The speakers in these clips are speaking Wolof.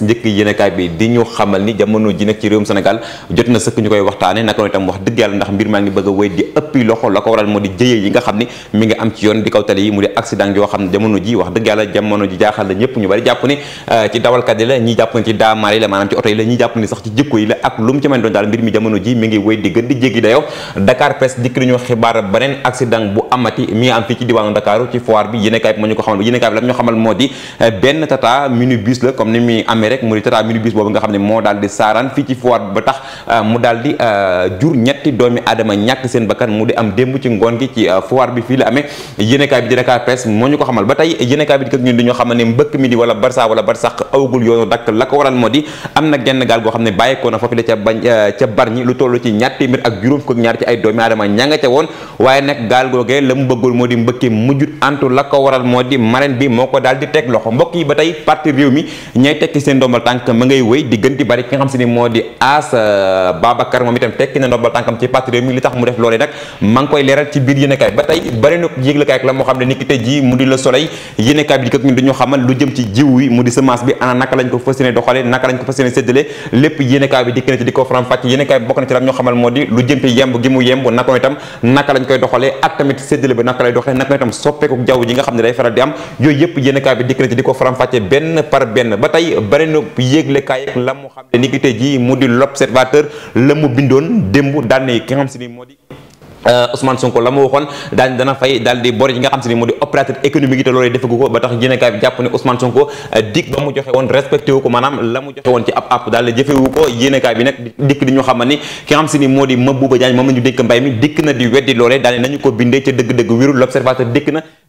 njëkk yéenekaay bi di ñu xamal ni jamono ji nag ci réewum Sénégal jot na sëkk ñu koy waxtaane naka noonu itam wax dëgg yàlla ndax mbir maa ngi bëgg a wéy di ëppi loxo la ko waral moo di jëye yi nga xam ni mi ngi am ci yoon di kaw tali yi mu di jàpp ni sax ci jikko yi la ak lu mu ci doon daal mbir mi jamono ji mi ngi wéy di gën di jéggi dayo Dakar Presse dikk nañu xibaar beneen accident bu amati mi am fii ci diwaanu Dakar ci foire bi rek mu di tata minibus boobu nga xam ne moo daal saaraan fii ci foire ba tax euh, mu daal euh, jur ñetti doomi aadama ñàkk seen bakkan mu di am démb ci ngoon gi ci euh, foire bi fii la amee yéenekaay bi di Dakar Presse moo ñu ko xamal ba tey yéenekaay bi di kak ñun di ñoo xamal ne mbëkk mi di wala barsa wala ko na genn gaal goo xam ne bàyyikoo na foofu la ca bañ ca barñi lu toll ci ñaar téeméer ak juróom fukk ak ñaar ci ay doomi aadama ña ca woon waaye nag gaal googee la mu bëggoon moo di mbëkki mujjut antu la ko waral moo di bi moo ko daal di teg loxo mbokk yi ba tey ndombal euh, doxale naka lañ ko fas yéene séddale lépp yéenekaay bi dikk na ci di ko faram fàcce benn par benn ba tey bari benn yëglekaay la mu xam ne ni ki mu di l'observateur la mu bindoon démb daan ne ki xam si ni moo di euh, Ousmane Sonko la mu waxoon daal dana fay daal di bor yi nga xam si ni moo di opérateur économique yi te loolee defagu ko ba tax yéenekaay bi jàpp ne euh, mu joxe woon respecté ko maanaam la mu joxe woon ci ab app daal di jëfewu ko yéenekaay bi nag dikk di ñu xamal ki xam si ni moo di Mabouba Diagne moom la ñu dénk mbay mi dikk na di weddi loolee daal nañu ko bindee ca dëgg-dëgg wérul l'observateur dikk na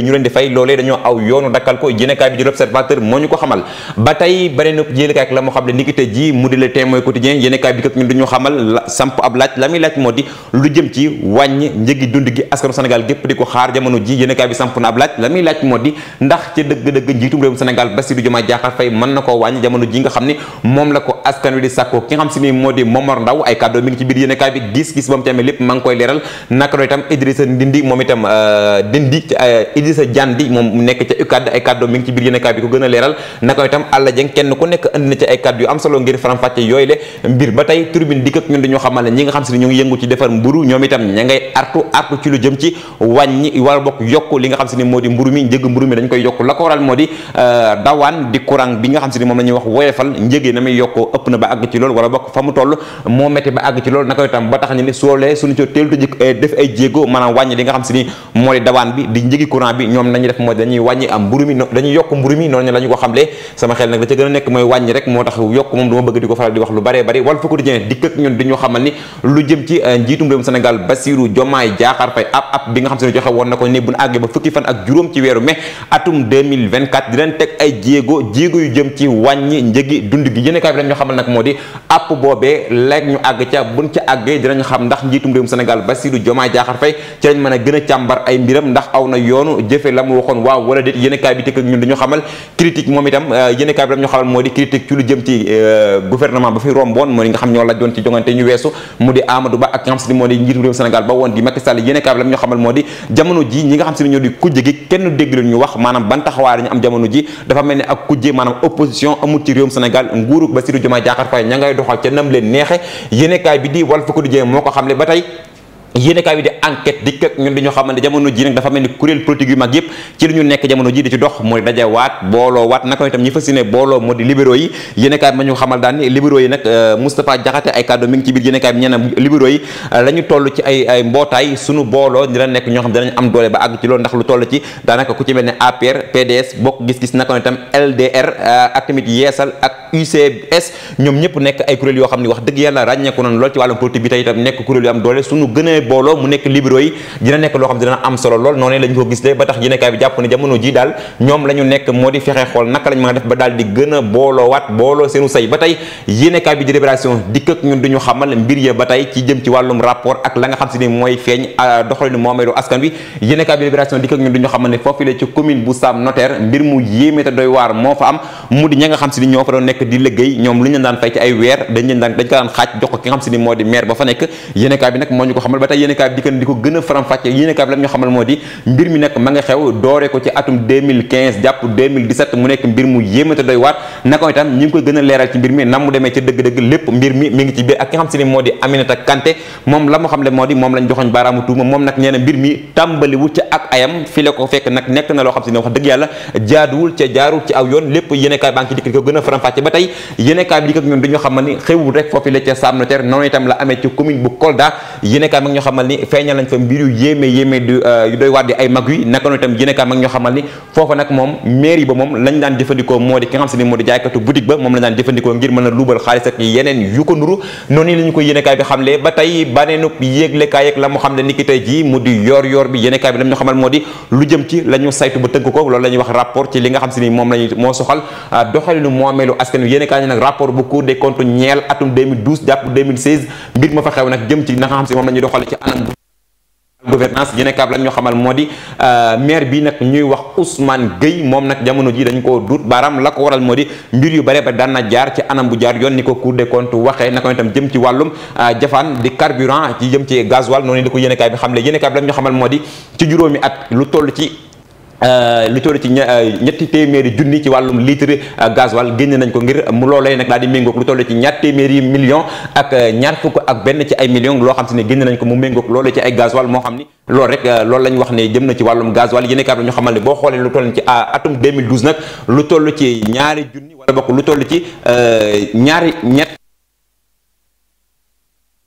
liggéey ñu leen di fay loolee dañoo aw yoonu dakkal ko yéenekaay bi di l'Observateur moo ñu ko xamal ba tey beneen ne niki jii la muy ko la muy xam ne la ko ay kàddu mi ngi ci biir yéenekaay bi gis-gis ba mu ci lépp ma koy leeral naka itam Idrissa Ndindi moom itam euh, Ndindi euh, Idrissa Diandi moom mu nekk ca UCAD ay kàddu mi ngi ci biir yéenekaay bi ko gën a leeral naka itam Alla Dieng kenn ku nekk indi na ci ay kàddu yooyu le mbir ba tey turbine dikk ak ñun dañoo ba àgg ci lool wala bokk fa mu toll moo métti euh, def ay jéego maanaam wàññi li nga xam si ni moo di dawaan bi di njëgi courant bi bi ñoom nañu def mooy dañuy wàññi mburu mi noonu la ko xamle sama xel nag da ca gën a nekk mooy wàññi rek moo tax yokk moom dama bëgg di ko faral di wax lu bare bari Walf Quotidien dikk ak ñun di ñu xamal ni lu jëm ci euh, njiitum réewum Sénégal Bassirou Diomaye xam se ne joxe woon na ko ne bu ñu àggee ba fukki fan ak juróom ci weeru mai atum 2024 di leen teg ñu xamal nag moo di app boobee léeg ñu àgg ca buñ ca àggee dinañ xam ndax njiitum réewum Sénégal Bassirou Diomaye Diakhar Faye ci lañ mën a gën a càmbar ay mbiram ndax aw na yoonu jëfe la mu waxoon waaw wala déet yéen kaay bi tëkk ñun dañu xamal critique moom itam euh, yéen bi lam ñu xamal moo di critique ci lu jëm ci euh, gouvernement ba fi romboon moo di nga xam bi lam ñu xamal moo di jamono ji ñi nga xam si ñoo di kujje gi kenn déglu ñu wax maanaam ban taxawaay ñu am jamono ji dafa mel ni ak kujje maanaam opposition amul ci réewum Sénégal nguuru Bassirou Diomaye Diakhar Faye ña ngay doxal ca nam leen neexe yéen bi di Walf yéenekaay bi di enquête dikk ak ñun di ñoo xamante jamono ji nag dafa mel ni kuréel politique yu mag yëpp ci li ñu nekk jamono ji di ci dox mooy dajawaat booloo waat naka itam ñi fas yéene booloo moo di libéraux yi yéenekaay bi ma ñu xamal daan ni libéraux yi euh, bi ñeneen libéraux yi euh, la ñu toll ci ay ay mbootaay suñu booloo dina nekk ñoo xam danañ am doole ba àgg ci loolu ndax lu toll ci daanaka ku ci mel ne APR PDS bokk gis-gis naka itam LDR euh, ak tamit yeesal ak ak UCS ñoom ñëpp nekk ay kuréel yoo xam ne wax dëgg yàlla ràññeeku nañ lool ci wàllum politique bi tey nekk kuréel yu am doole suñu gënee booloo mu nekk libéraux yi dina nekk loo xam ne dina am solo lool noonu lañ nekk moo di fexe xool naka lañ mën a def ba daal di gën a booloowaat booloo seenu say ba tey yéenekaay bi di libération dikk duñu xamal mbir ya ba tey ci jëm ci wàllum rapport ak la nga xam si ni mooy feeñ ah, doxalinu moo fa nekk di liggéey ñoom lu ñu daan fay ci ay weer dañ daan daan xaaj jox ko ki xam si ni moo di maire ba fa nekk yéenekaay bi nekk moom la mu xam le moo di moom lañ joxoñ baaraamu tuuma moom nag nee mbir mi tàmbaliwul ca ak ayam fi la ko fekk nag nekk na loo xam si ne wax dëgg yàlla jaaduwul ca jaarul ci aw yoon lépp yéenekaay baa ngi ci dikk di ko gën a faram ba tey yéenekaay bi di ko ñun dañu xamal ni xewul rek foofu la ca Sam Notaire noonu xamal ni feeñal nañ fa mbir yu yéeme yéeme du euh, yu di ay mag yi naka noonu itam xamal ni foofa nag moom mairie ba moom moo di ki nga xam yoor yoor bi yéenekaay bi lu jëm ci la saytu ba tënk ko loolu la wax rapport ci li nga xam se ni moom lañu moo soxal euh, doxalinu moomeelu askan askan wi yéen kaay nag rapport bu Cour des comptes ñeel atum 2012 jàpp 2016 mbir ma fa xew nag jëm ci na nga xam si moom euh, nag jamono ji dañ ko duut baaraam la ko waral moo di mbir yu bare ba daan na jaar ci anam bu jaar yoon ni ko Cour des comptes waxee naka itam jëm ci wàllum euh, jafaan di carburant ci jëm ci gasoil noonu la ko yéen kaay bi xam le yéen kaab lañ ñoo xamal moo di ci juróomi at lu toll ci Euh, lu toll ci euh, ñetti téeméeri junni ci wàllum litre euh, gasoil génne nañ ko ngir mu loolee nag daal di méngoog lu toll ci ñaar téeméeri million ak ñaar fukk ak benn ci ay million loo xam si ne génne nañ ko mu méngoog loolee ci ay gasoil moo xam ni loolu rek loolu lañ wax ne jëm na ci wàllum gasoil yéen ikaat ñu xamal ne boo xoolee lu toll ci atum nag lu tollu ci ñaari junni wala bokk lu tollu ci ñaari ñett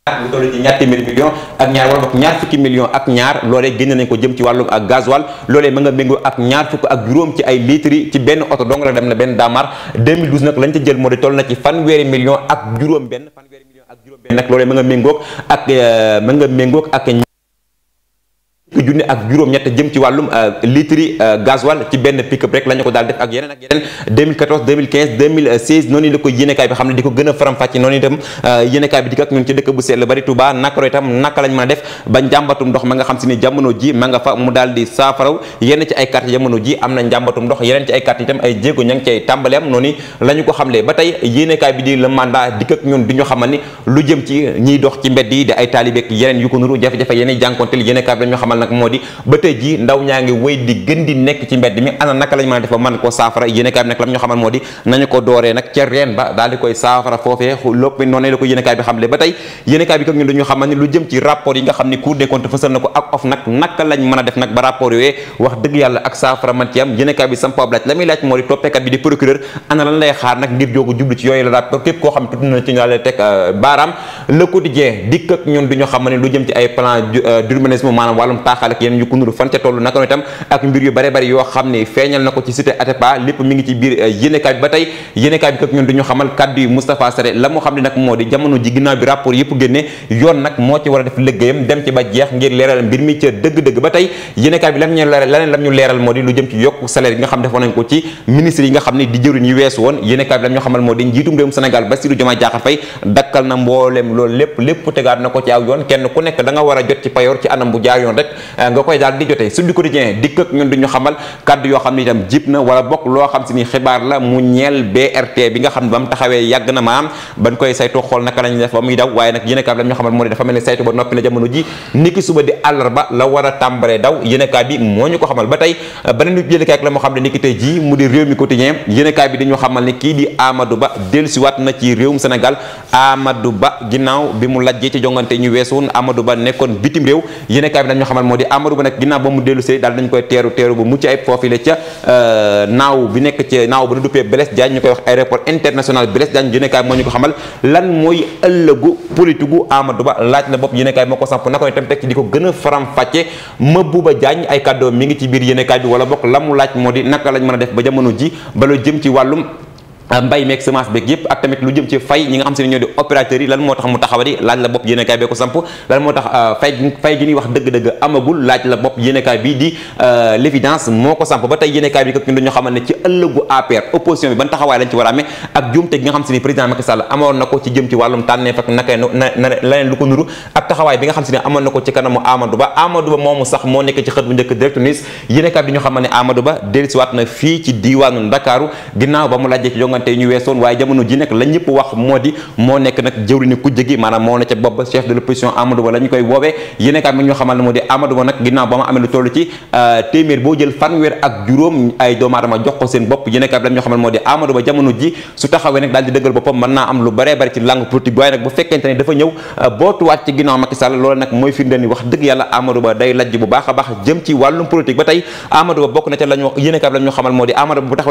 bu toll ci ñaar téeméeri million ak ñaar wala boog ñaar fukki million ak ñaar loolee génn nañ ko jëm ci wàllum ak gaz loolee ma nga méngoo ak ñaar fukk ak juróom ci ay litres ci benn oto dong la dem na benn daamar 2012 nag lañ ca jël moo di toll na ci fanweeri million ak juróom benn fanweeri million ak juróom benn nag loolee ma nga méngoog ak euh, ma nga méngoog ak fukki junni ak juróom-ñett jëm ci wàllum euh, litre yi euh, gasoil ci benn pick-up rek ko daal def ak yeneen ak yeneen noonu la ko yéenekaay ba njàmbatum yeneen ci ay quartier la ñu ko ñun di xamal ni lu jëm ci ñiy dox ci mbedd di ay taalibeek yeneen yu ko nuru jafe-jafe yeneen jànkonteel yéenekaay bi dañu xamal nag moo di ba tey ji ndaw ñaa ngi wéy di gën di nekk ci mbedd mi ana naka lañ mën a def ba mën ko saafara yéen bi nag lam xamal moo di nañu ko dooree nag ca reen ba daal koy saafara foofee lépp noonu la xamal ni lu jëm ci a euh, ay plan euh, d'urbanisme maanaam wàllum taax jaaxal ak yeneen yu ko nuru fan ca toll naka noonu itam ak mbir yu bare bari yoo xam ne feeñal na ko ci cité Atepa lépp mi euh, la mu xam a leeral moo di lu jëm ci yokk salaire yi nga xam defoon nañ ko ci ministre yi nga xam ne di jëwriñ yu weesu woon yéenekaay bi lam xamal moo di njiitum réewum Sénégal Bassirou Diomaye Diakhar Faye dakkal na mbooleem loolu lépp lépp tegaat na ko ci aw yoon kenn ku nekk da war a jot ci payoor ci anam bu jaar yoon rek Euh, nga koy daal di jotee Sud Quotidien loo xam si ni xibaar la mu ñeel BRT bi nga xam ba mu taxawee yàgg na maam bañ koy saytu xool naka lañ def la ñu xamal moo ne dafa mel ni saytu ba noppi la war a tàmbalee daw yéenekaay bi moo ñu ko xamal ba tey beneen yéenekaay ak la moo xam ne niki tey ji mu di réew mi quotidien yéenekaay bi dañu xamal ni kii di Amadou Ba dellusiwaat na ci réewum Sénégal Amadou Ba ginnaaw bi mu lajjee ci jongante ñu weesu woon Ba nekkoon bitim réew yéenekaay bi dañu xamal moo di Amadou Ba nag ginnaaw ba mu dellu see daal dañ koy teeru teeru bu mucc ayib foofile ca euh, naaw bi nekk ca naaw bu ñu duppee Blaise Diagne ñu koy wax aéroport international Blaise Diagne yéenekaay moo ñu ko xamal Ba laaj na bopp yéenekaay moo ko samp na koy tam teg ci di ko gën a faram-fàcce Mabouba Diagne ay kàddoo mi ngi ci biir yéenekaay bi wala bokk la mu laaj moo di naka lañ mën a def ba jamono ji ba lu jëm ci wàllum Euh, mbay meeg semence beeg yëpp ak tamit lu jëm ci fay ñi nga xam se ñoo di opérateurs yi lan moo tax mu taxawadi laaj la bopp yéenekaay bee ko samp lan moo tax fay euh, fay gi wax dëgg-dëgg amagul laaj la bopp yéenekaay bii di euh, l'évidence moo ko samp ba tey yéenekaay bi ko ñu xamal a amoon na ko ci jëm ci wàllum tànneef ak naka na laneen lu ko nuru ak taxawaay bi nga xam se amoon na ko ci kanamu Amadou Ba Amadou Ba moomu sax moo nekk ci xët bu njëkk direct news jongante ñu weesoon waaye jamono ji nag la ñëpp wax moo di moo nekk nag jëwriñu kujje gi maanaam moo na nag ginnaaw ba ma amee moo di Amadou Ba bu a taxawee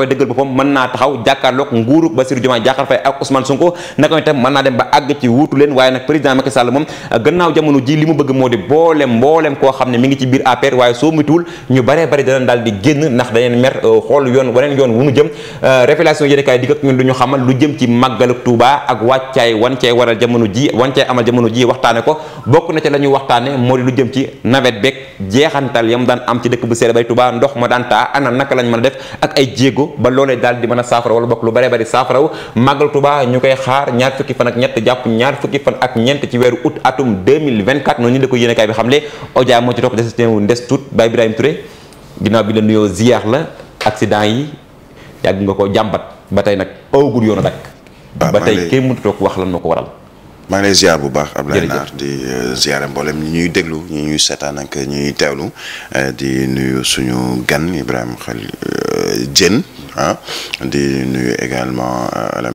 dëggal boppam mën naa taxaw jàkkaarloog nguuru Bassirou Diomaye Diakhar Faye ak Ousmane Sonko naka itam mën naa dem ba àgg ci wuutu leen waaye nag président Macky Sall moom euh, gannaaw jamono ji li mu bëgg moo di boole mbooleem koo xam ne mi ngi ci biir APR waaye soo mutuwul ñu baree bari danañ daal di génn ndax daneen mer euh, xool yoon waneen yoon wu nu jëm euh, révélation yéene kaay dikk ak ñun du ñu xamal lu jëm ci màggaluk Touba ak wàccaay wan waral jamono ji wan amal jamono ji waxtaane ko na la ma daan taa ana naka lañ mën a def a bare bari saafaraw màggal Tuuba ñu koy xaar ñaar fukki fan ak ñett jàpp ñaar fukki fan ak ñeent ci weeru août atum 2024 noonu la ko yéene kaay bi le Odia moo ci topp des teewu ndes la nuyoo ziyaar la accident yi yàgg nga ko jàmbat ba tey nag awgul yoon a dakk ba tey kenn mënut toog wax lan moo ko waral maa ngi bu baax Abdoulaye Naar di euh, ziare mboolem ñi ñuy déglu ñu ñuy seetaan ak ñi ñuy teewlu euh, di nuyu suñu gan Ibrahima Khalil euh, Diène ah di nuyu également euh,